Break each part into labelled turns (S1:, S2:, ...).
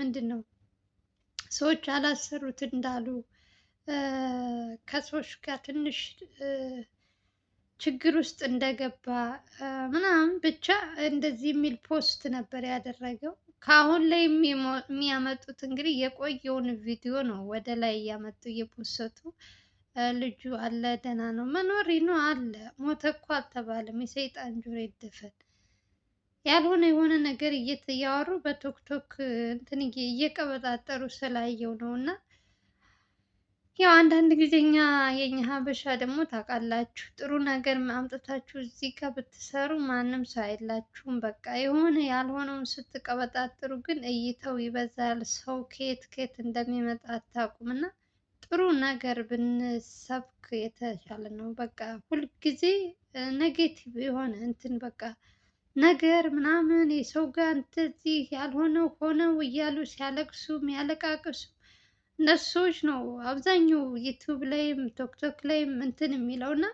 S1: ምንድን ነው ሰዎች አላሰሩት እንዳሉ ከሰዎች ጋር ትንሽ ችግር ውስጥ እንደገባ ምናምን ብቻ እንደዚህ የሚል ፖስት ነበር ያደረገው። ከአሁን ላይ የሚያመጡት እንግዲህ የቆየውን ቪዲዮ ነው ወደ ላይ እያመጡ እየፖሰቱ ልጁ አለ ደህና ነው መኖሪ ነው አለ ሞተ እኮ አልተባለም። የሰይጣን ጆሮ ይደፈን። ያልሆነ የሆነ ነገር እያወሩ በቶክቶክ እንትን እየቀበጣጠሩ ስላየው ነው። እና ያው አንዳንድ ጊዜ እኛ የኛ ሀበሻ ደግሞ ታውቃላችሁ፣ ጥሩ ነገር አምጥታችሁ እዚህ ጋር ብትሰሩ ማንም ሰው አይላችሁም። በቃ የሆነ ያልሆነውን ስትቀበጣጥሩ ግን እይተው ይበዛል። ሰው ከየት ከየት እንደሚመጣ አታውቁም እና ጥሩ ነገር ብንሰብክ የተሻለ ነው። በቃ ሁልጊዜ ኔጌቲቭ የሆነ እንትን በቃ ነገር ምናምን የሰው ጋር እንደዚህ ያልሆነው ሆነው እያሉ ሲያለቅሱ የሚያለቃቅሱ እነሱ ነው አብዛኛው ዩቱብ ላይም ቶክቶክ ላይም እንትን የሚለው እና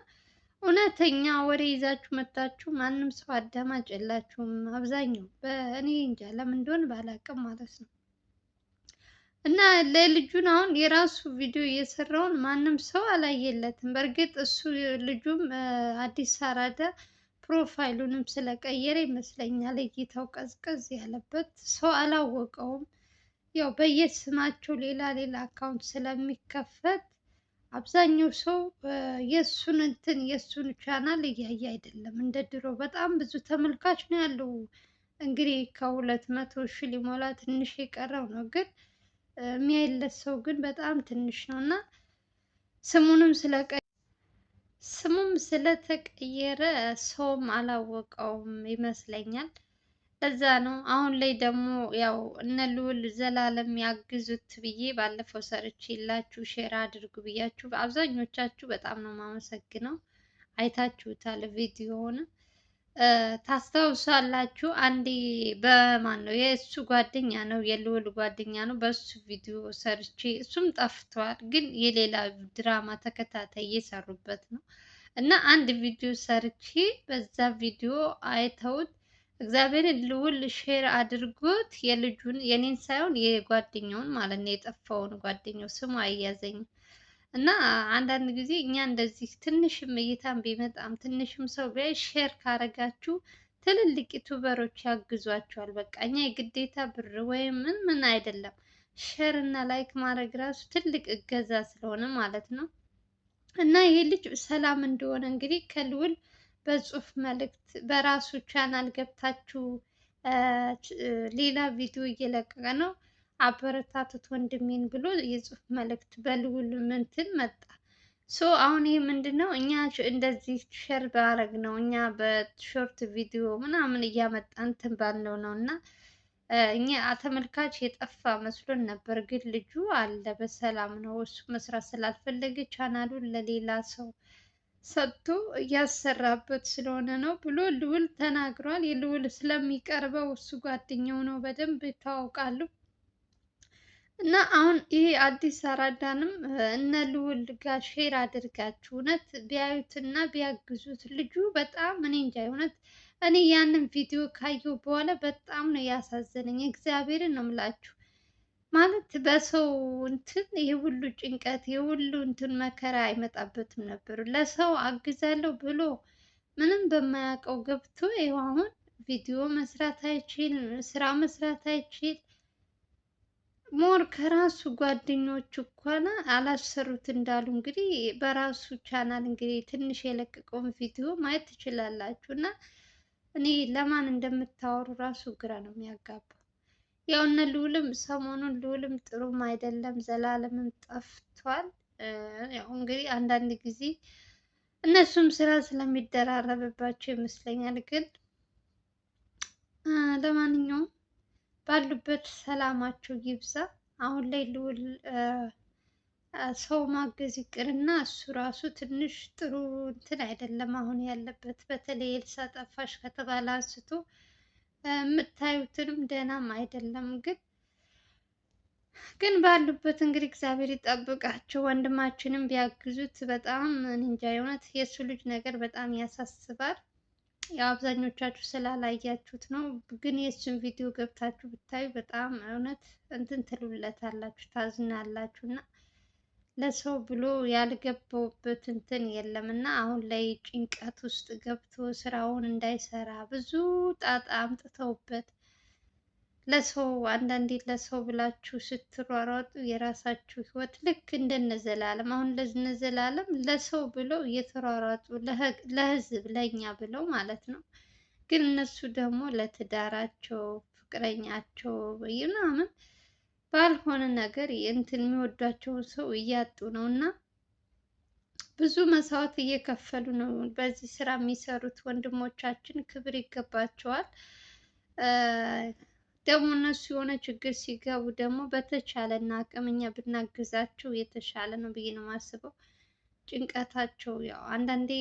S1: እውነተኛ ወሬ ይዛችሁ መታችሁ ማንም ሰው አዳማጭ የላችሁም። አብዛኛው በእኔ እንጃ ለምን እንደሆነ ባላቅም ማለት ነው። እና ለልጁን አሁን የራሱ ቪዲዮ እየሰራውን ማንም ሰው አላየለትም። በእርግጥ እሱ ልጁም አዲስ አራዳ ፕሮፋይሉንም ስለቀየረ ይመስለኛል እይታው ቀዝቀዝ ያለበት። ሰው አላወቀውም። ያው በየስማቸው ሌላ ሌላ አካውንት ስለሚከፈት አብዛኛው ሰው የእሱን እንትን የእሱን ቻናል እያየ አይደለም። እንደ ድሮ በጣም ብዙ ተመልካች ነው ያለው። እንግዲህ ከሁለት መቶ ሺህ ሊሞላ ትንሽ የቀረው ነው፣ ግን የሚያይለት ሰው ግን በጣም ትንሽ ነው እና ስሙንም ስለቀ ስሙም ስለተቀየረ ሰውም አላወቀውም ይመስለኛል። እዛ ነው። አሁን ላይ ደግሞ ያው እነ ልዑል ዘላለም ያግዙት ብዬ ባለፈው ሰርች የላችሁ ሼር አድርጉ ብያችሁ አብዛኞቻችሁ በጣም ነው ማመሰግነው። አይታችሁታል ቪዲዮ ሆነ ታስታውሳላችሁ? አንዴ በማን ነው የእሱ ጓደኛ ነው የልዑል ጓደኛ ነው። በእሱ ቪዲዮ ሰርቼ እሱም ጠፍቷል፣ ግን የሌላ ድራማ ተከታታይ እየሰሩበት ነው እና አንድ ቪዲዮ ሰርቼ በዛ ቪዲዮ አይተውት እግዚአብሔርን ልዑል ሼር አድርጎት የልጁን የኔን ሳይሆን የጓደኛውን ማለት ነው የጠፋውን ጓደኛው ስሙ አያዘኝም እና አንዳንድ ጊዜ እኛ እንደዚህ ትንሽም እይታም ቢመጣም ትንሽም ሰው ቢያይ ሼር ካረጋችሁ ትልልቅ ዩቱበሮች ያግዟቸዋል። በቃ እኛ የግዴታ ብር ወይም ምን ምን አይደለም ሼር እና ላይክ ማድረግ ራሱ ትልቅ እገዛ ስለሆነ ማለት ነው። እና ይሄ ልጅ ሰላም እንደሆነ እንግዲህ ከልውል በጽሁፍ መልእክት በራሱ ቻናል ገብታችሁ ሌላ ቪዲዮ እየለቀቀ ነው አበረታቱት ወንድሜን ብሎ የጽሁፍ መልእክት በልውል ምንትን መጣ። ሶ አሁን ይህ ምንድን ነው? እኛ እንደዚህ ሸር ባረግ ነው እኛ በሾርት ቪዲዮ ምናምን እያመጣ እንትን ባለው ነው እና እኛ ተመልካች የጠፋ መስሎን ነበር፣ ግን ልጁ አለ በሰላም ነው። እሱ መስራት ስላልፈለገ ቻናሉን ለሌላ ሰው ሰጥቶ እያሰራበት ስለሆነ ነው ብሎ ልውል ተናግሯል። የልውል ስለሚቀርበው እሱ ጓደኛው ነው፣ በደንብ ይታወቃሉ። እና አሁን ይሄ አዲስ አራዳንም እነ ልዑል ጋር ሼር አድርጋችሁ እውነት ቢያዩትና ቢያግዙት ልጁ በጣም እኔ እንጃ እውነት እኔ ያንን ቪዲዮ ካየሁ በኋላ በጣም ነው ያሳዘነኝ። እግዚአብሔርን ነው የምላችሁ። ማለት በሰው እንትን ይህ ሁሉ ጭንቀት ይህ ሁሉ እንትን መከራ አይመጣበትም ነበር። ለሰው አግዛለሁ ብሎ ምንም በማያውቀው ገብቶ ይኸው አሁን ቪዲዮ መስራት አይችል፣ ስራ መስራት አይችል ሞር ከራሱ ጓደኞቹ እንኳን አላሰሩት እንዳሉ እንግዲህ በራሱ ቻናል እንግዲህ ትንሽ የለቀቀውን ቪዲዮ ማየት ትችላላችሁ። እና እኔ ለማን እንደምታወሩ ራሱ ግራ ነው የሚያጋባው። ያው እነ ልዑልም ሰሞኑን ልዑልም ጥሩም አይደለም፣ ዘላለምም ጠፍቷል። ያው እንግዲህ አንዳንድ ጊዜ እነሱም ስራ ስለሚደራረብባቸው ይመስለኛል። ግን ለማንኛውም ባሉበት ሰላማቸው ይብዛ። አሁን ላይ ልዑል ሰው ማገዝ ይቅርና እሱ ራሱ ትንሽ ጥሩ እንትን አይደለም አሁን ያለበት። በተለይ ኤልሳ ጠፋሽ ከተባለ አንስቶ የምታዩትንም ደህናም አይደለም። ግን ግን ባሉበት እንግዲህ እግዚአብሔር ይጠብቃቸው። ወንድማችንም ቢያግዙት በጣም እንጃ የእውነት የእሱ ልጅ ነገር በጣም ያሳስባል። አብዛኞቻችሁ ስላላያችሁት ነው። ግን የእሱን ቪዲዮ ገብታችሁ ብታዩ በጣም እውነት እንትን ትሉለታላችሁ፣ ታዝናላችሁ። እና ለሰው ብሎ ያልገባውበት እንትን የለም እና አሁን ላይ ጭንቀት ውስጥ ገብቶ ስራውን እንዳይሰራ ብዙ ጣጣ አምጥተውበት ለሰው አንዳንዴ ለሰው ብላችሁ ስትሯሯጡ የራሳችሁ ህይወት ልክ እንደነዘላለም አሁን ዘላለም ለሰው ብለው እየተሯሯጡ ለህዝብ ለእኛ ብለው ማለት ነው። ግን እነሱ ደግሞ ለትዳራቸው ፍቅረኛቸው ምናምን ባልሆነ ነገር እንትን የሚወዷቸውን ሰው እያጡ ነው እና ብዙ መስዋዕት እየከፈሉ ነው። በዚህ ስራ የሚሰሩት ወንድሞቻችን ክብር ይገባቸዋል። ደግሞ እነሱ የሆነ ችግር ሲገቡ ደግሞ በተቻለ አቅም እኛ ብናግዛቸው የተሻለ ነው ብዬ ነው የማስበው። ጭንቀታቸው ያው አንዳንዴ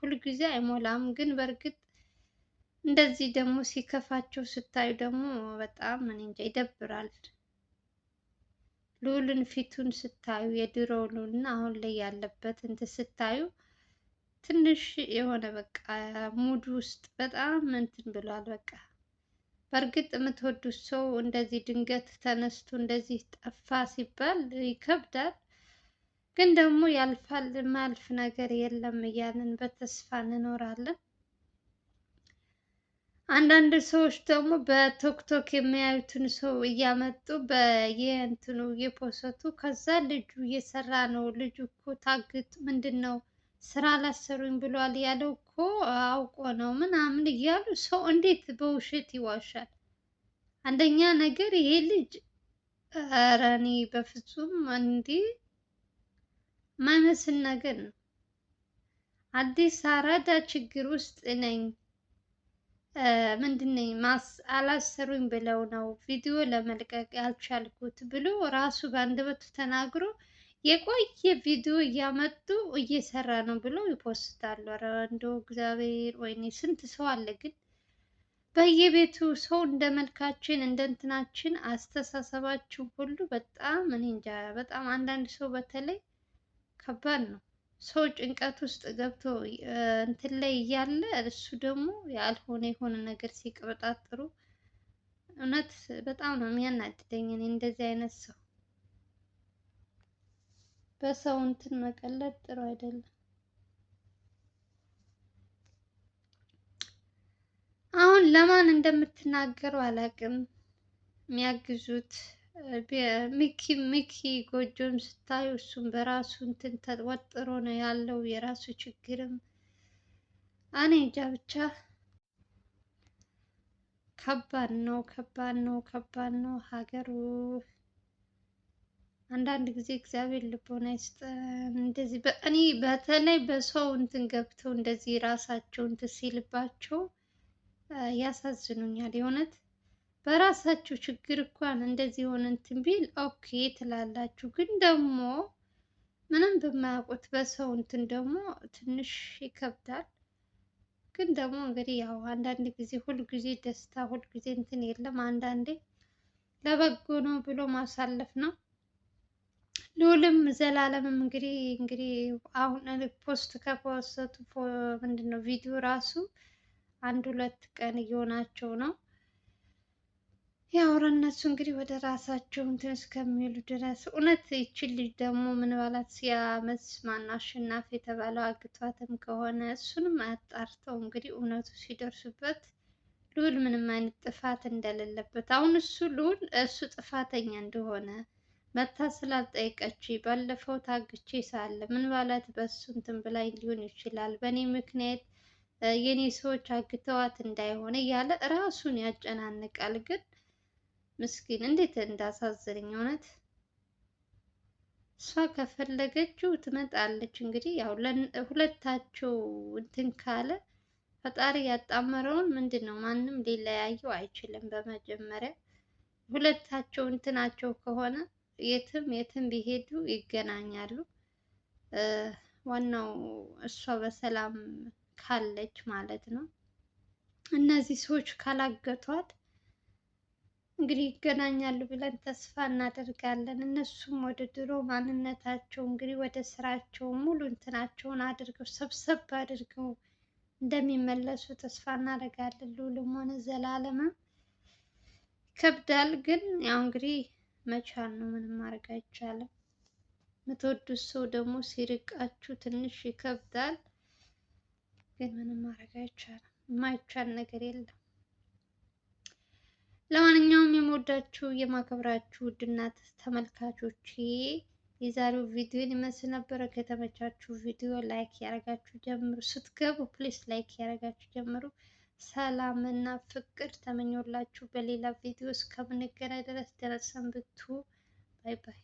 S1: ሁልጊዜ አይሞላም፣ ግን በእርግጥ እንደዚህ ደግሞ ሲከፋቸው ስታዩ ደግሞ በጣም እኔ እንጃ ይደብራል። ልዑልን ፊቱን ስታዩ የድሮ ሉል እና አሁን ላይ ያለበት እንትን ስታዩ ትንሽ የሆነ በቃ ሙድ ውስጥ በጣም እንትን ብሏል በቃ በእርግጥ የምትወዱት ሰው እንደዚህ ድንገት ተነስቶ እንደዚህ ጠፋ ሲባል ይከብዳል። ግን ደግሞ ያልፋል፣ ማልፍ ነገር የለም እያልን በተስፋ እንኖራለን። አንዳንድ ሰዎች ደግሞ በቶክቶክ የሚያዩትን ሰው እያመጡ በየእንትኑ እየፖሰቱ ከዛ ልጁ እየሰራ ነው ልጁ እኮ ታግጡ ምንድን ነው ስራ አላሰሩኝ ብሏል ያለው እኮ አውቆ ነው ምናምን እያሉ ሰው እንዴት በውሸት ይዋሻል? አንደኛ ነገር ይሄ ልጅ ኧረ እኔ በፍጹም እንዲ ማይመስል ነገር ነው። አዲስ አራዳ ችግር ውስጥ ነኝ ምንድነኝ ማስ አላሰሩኝ ብለው ነው ቪዲዮ ለመልቀቅ ያልቻልኩት ብሎ ራሱ በአንደበቱ ተናግሮ የቆየ ቪዲዮ እያመጡ እየሰራ ነው ብለው ይፖስታሉ። ኧረ እንደው እግዚአብሔር ወይኔ ስንት ሰው አለ ግን በየቤቱ ሰው እንደ መልካችን እንደ እንትናችን አስተሳሰባችሁ ሁሉ በጣም እኔ እንጃ። በጣም አንዳንድ ሰው በተለይ ከባድ ነው። ሰው ጭንቀት ውስጥ ገብቶ እንትን ላይ እያለ እሱ ደግሞ ያልሆነ የሆነ ነገር ሲቀበጣጥሩ እውነት በጣም ነው የሚያናድደኝ እኔ እንደዚህ አይነት ሰው በሰው እንትን መቀለድ ጥሩ አይደለም። አሁን ለማን እንደምትናገረው አላውቅም። የሚያግዙት ሚኪ ጎጆም ስታዩ እሱም በራሱ እንትን ተወጥሮ ነው ያለው። የራሱ ችግርም እኔ እንጃ ብቻ ከባድ ነው፣ ከባድ ነው፣ ከባድ ነው ሀገሩ። አንዳንድ ጊዜ እግዚአብሔር ልቦና ይስጠን። እንደዚህ በእኔ በተለይ በሰው እንትን ገብተው እንደዚህ ራሳቸው እንትን ሲልባቸው ያሳዝኑኛል። የእውነት በራሳቸው ችግር እንኳን እንደዚህ የሆነ እንትን ቢል ኦኬ ትላላችሁ፣ ግን ደግሞ ምንም በማያውቁት በሰው እንትን ደግሞ ትንሽ ይከብዳል። ግን ደግሞ እንግዲህ ያው አንዳንድ ጊዜ ሁልጊዜ ደስታ ሁልጊዜ እንትን የለም። አንዳንዴ ለበጎ ነው ብሎ ማሳለፍ ነው። ልዑልም ዘላለምም እንግዲህ እንግዲህ አሁን ፖስት ከፖስቱ ምንድን ነው ቪዲዮ ራሱ አንድ ሁለት ቀን እየሆናቸው ነው። ያው እነሱ እንግዲህ ወደ ራሳቸው እንትን እስከሚሉ ድረስ እውነት ይቺ ልጅ ደግሞ ምን ባላት ሲያመስ ማነው አሸናፊ የተባለው አግቷትም ከሆነ እሱንም አጣርተው እንግዲህ እውነቱ ሲደርሱበት ልዑል ምንም አይነት ጥፋት እንደሌለበት አሁን እሱ ልዑል እሱ ጥፋተኛ እንደሆነ መታ ስላልጠየቀች ባለፈው ታግቼ ሳለ ምን ባላት በሱ እንትን ብላኝ ሊሆን ይችላል፣ በእኔ ምክንያት የኔ ሰዎች አግተዋት እንዳይሆነ እያለ ራሱን ያጨናንቃል። ግን ምስኪን እንዴት እንዳሳዘነኝ እውነት። እሷ ከፈለገችው ትመጣለች። እንግዲህ ያው ሁለታቸው እንትን ካለ ፈጣሪ ያጣመረውን ምንድን ነው ማንም ሊለያየው አይችልም። በመጀመሪያ ሁለታቸው እንትናቸው ከሆነ የትም የትም ቢሄዱ ይገናኛሉ። ዋናው እሷ በሰላም ካለች ማለት ነው። እነዚህ ሰዎች ካላገቷት እንግዲህ ይገናኛሉ ብለን ተስፋ እናደርጋለን። እነሱም ወደ ድሮ ማንነታቸው እንግዲህ ወደ ስራቸው ሙሉ እንትናቸውን አድርገው ሰብሰብ አድርገው እንደሚመለሱ ተስፋ እናደርጋለን። ልዑልም ሆነ ዘላለምም ይከብዳል ግን ያው እንግዲህ መቻል ነው። ምንም ማድረግ አይቻልም። የምትወዱት ሰው ደግሞ ሲርቃችሁ ትንሽ ይከብዳል፣ ግን ምንም ማድረግ አይቻልም። የማይቻል ነገር የለም። ለማንኛውም የምወዳችሁ የማከብራችሁ ውድና ተመልካቾች የዛሬው ቪዲዮን ይመስል ነበረ። ከተመቻችሁ ቪዲዮ ላይክ ያደረጋችሁ ጀምሩ። ስትገቡ ፕሊስ ላይክ ያደረጋችሁ ጀምሩ። ሰላም እና ፍቅር ተመኞላችሁ በሌላ ቪዲዮ እስከምንገናኝ ድረስ ደህና ሰንብቱ። ባይ ባይ።